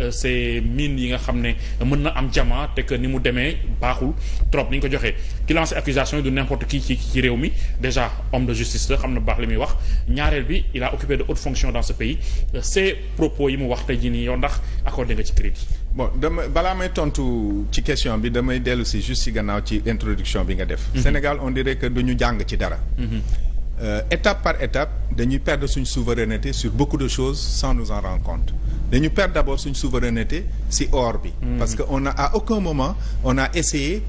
Euh, ces mines yi nga xam ne mën na am jama te que ni mu demee baaxul trop ni ñu ko joxe ki lance accusation yi du n'importe qui ci ci réew mi déjà homme de justice xam ne baax li muy wax ñaareel bi il a occupé de hautes fonctions dans ce pays ces euh, propos yi mu wax te jii nii yow ndax accordé nga ci crédit bon dama balaa may tontu ci question bi damay dellu si juste si gannaaw ci introduction bi nga def mhm. Sénégal on dirait que du ñu jàng ci dara mhm. euh, étape par étape dañuy perdre suñu souveraineté sur beaucoup de choses sans nous en rendre dañu perdre d'abord suñu souveraineté ci or bi hmm. parce que on a à aucun moment on a essayé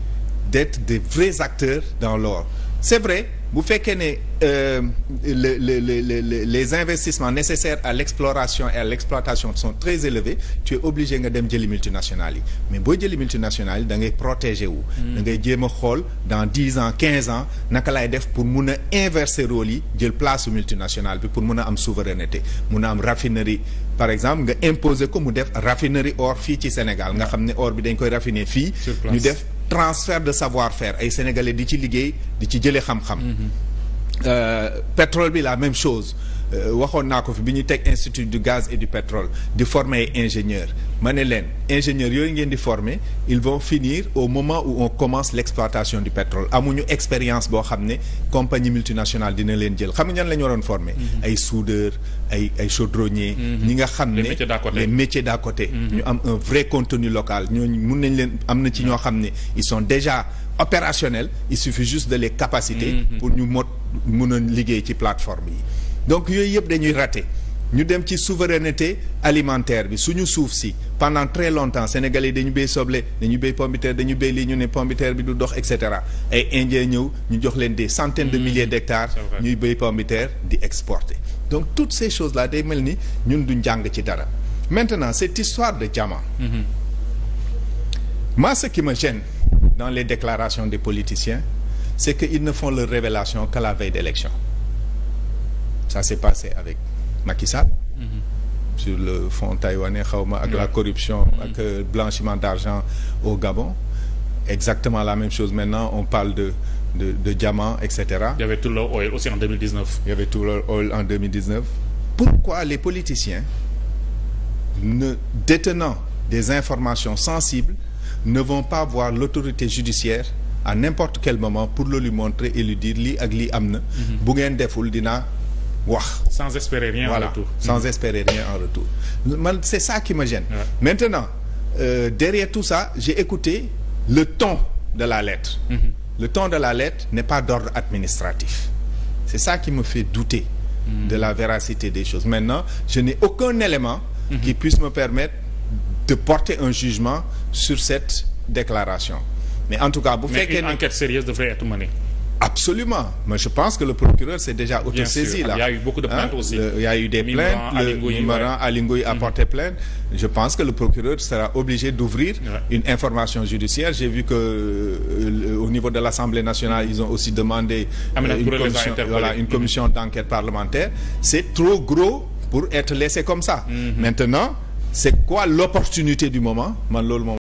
d'être des vrais acteurs dans l'or c'est vrai bu fekkee ne euh, le le le les investissements nécessaires à l'exploration et à l'exploitation sont très élevés tu es obligé nga dem jëli multinationales yi mais boo jëli multinationales yi da ngay protéger wu hmm. ngay jéem xool dans dix ans quinze ans naka lay def pour mun a inverser rôle yi jël place multinationale bi pour mun a am souveraineté mun a am raffinerie par exemple nga imposer ko mu def raffinerie or fii ci Sénégal nga xam ne or bi dañ koy raffiner fii ñu def transfert de savoir fair ay sénégalais di ci liggéey di ci jëlee xam-xam mm-hmm. euh, pétrole bi la même chose Euh, waxoon naa ko fi bi ñuy teg institut du gaz et du pétrole di former ay ingénieurs ma ne leen ingénieurs yooyu ngeen di former ils vont finir au moment où on commence l'exploitation du pétrole amuñu expérience boo xam ne compagnie multinationale dina leen jël xam nga ñan la ñu waroon former. Mm-hmm. ay soudeurs ay ay chaudronniers. Mm-hmm. ñi nga xam ne les métiers d'à côté. Mm-hmm. ñu am un vrai contenu local ñooñu mun nañ leen am na ci ñoo xam ne ils sont déjà opérationnels il suffit juste de les capaciter. pour ñu mot mun a liggéey ci plateforme yi. donc yooyu yëpp dañuy raté ñu dem ci souveraineté alimentaire bi suñu suuf si pendant très longtemps yi dañu béy soble dañu béy pomme de terre dañu béy lii ñu ne pombitaire bi du dox et cetera ay indiens ñëw ñu jox leen des centaines de hmm, milliers d'hectares ñuy béy pomme di exporter donc toutes ces choses là day mel ni ñun du njàng ci dara maintenant cette histoire de Diama hmm. moi ce qui ma gêne dans les déclarations des politiciens c'est qu'ils ne font leur révélation qu'à la veille ça s'est passé avec Macky mm-hmm. sur le fonds taïwanais xawma ak la corruption ak mm-hmm. blanchiment d'argent au Gabon exactement la même chose maintenant on parle de de de diamant et cetera. il y avait Tullow Oil aussi en 2019. pourquoi les politiciens détenant des informations sensibles ne vont pas voir l'autorité judiciaire à n'importe quel moment pour le lui montrer et lui dire lii ak lii am na. Mm-hmm. bu wax. sans espérer rien voilà, en retour. sans hmm. espérer rien en retour man c'est ça qui me gêne. Ouais. maintenant euh, derrière tout ça j'ai écouté le ton de la lettre. Mm -hmm. le ton de la lettre n'est pas d'ordre administratif. c'est ça qui me fait douter. Mm -hmm. de la véracité des choses maintenant je n'ai aucun élément. Mm -hmm. qui puisse me permettre de porter un jugement sur cette déclaration mais en tout cas bu fekkee ne mais une enquête sérieuse devrait être menée. Absolument. Mais je pense que le procureur s'est déjà autosaisi là. Il y a eu de plaintes hein? aussi. Le, des plaintes. Alingui, Alingui a mhm. porté plainte. Je pense que le procureur sera obligé d'ouvrir ouais. une information judiciaire. J'ai vu que euh, au niveau de l'Assemblée nationale, mm -hmm. ils ont aussi demandé ah, euh, une, commission, voilà, une mhm. commission mm -hmm. d'enquête parlementaire. C'est trop gros pour être laissé comme ça. Mm -hmm. Maintenant, c'est quoi l'opportunité du moment?